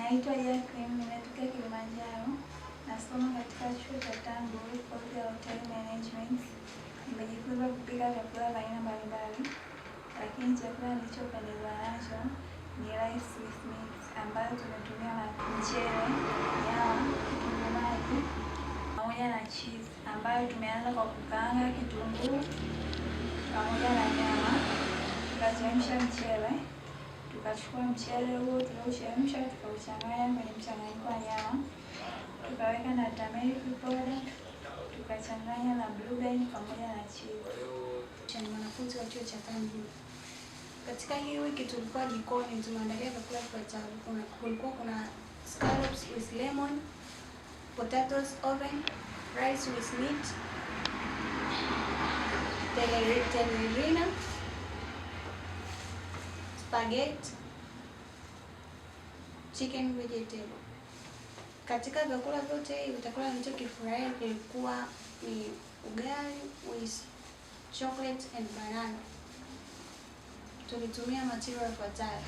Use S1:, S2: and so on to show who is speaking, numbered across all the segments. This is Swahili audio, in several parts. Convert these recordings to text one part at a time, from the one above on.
S1: Naitwa Jacqueline, ninatokea Kilimanjaro. Nasoma katika chuo cha Tanga, kozi ya hotel management. Nimejifunza kupika vyakula vya aina mbalimbali, lakini chakula nilichopendezwa nacho ni rice with meat, ambayo tumetumia na mchele, nyama, kitunguu maji pamoja na cheese, ambayo tumeanza kwa kukaanga kitunguu pamoja na nyama, tukachemsha mchele tukachukua mchele huo tukauchemsha, tukauchanganya kwenye mchanganyiko wa nyama, tukaweka na turmeric powder, tukachanganya na blueberry pamoja na chipsi. Ni mwanafunzi wa chuo cha Kambi. Katika hii wiki tulikuwa jikoni tumeandalia vyakula vifuatavyo. Kuna kulikuwa kuna scallops with lemon, potatoes oven, rice with meat, tenerina, spaghetti chicken vegetable. Katika vyakula vyote hivi utakula nicho nilichokifurahia kilikuwa ni ugali with chocolate and banana. Tulitumia material yafuatayo: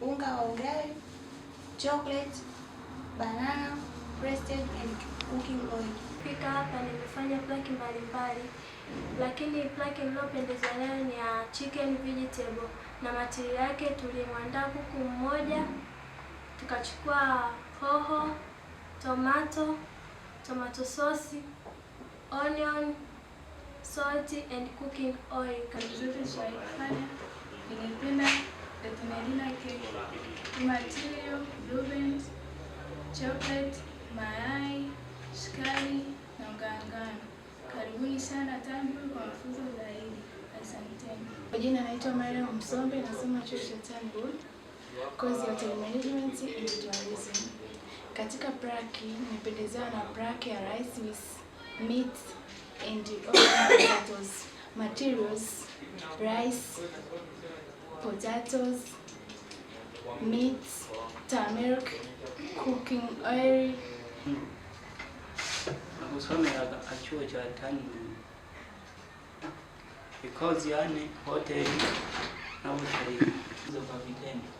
S1: unga wa ugali, chocolate, banana, pressed and cooking oil.
S2: Pika hapa nimefanya plaki mbalimbali, lakini plaki nilopendezwa nayo ni ya chicken vegetable, na matiri yake tulimwandaa kuku mmoja tukachukua hoho, tomato, tomato sauce, onion, salt and cooking oil.
S1: Kazi zote tunaifanya ningependa tumelina cake, material, blueberries, chocolate, mayai, sukari na ngangano. Karibuni sana TANVIWI kwa mafunzo zaidi. Asanteni. Kwa jina naitwa Mariam Msombe, nasoma chuo cha TANVIWI kozi ya hotel management and tourism. Katika praki nimependezewa na praki ya rice with meat and potatoes, materials rice, potatoes, meat, turmeric, cooking oil.
S3: Nakusomeraga achuo cha tani because yani hoteli na utalii kwa vitendo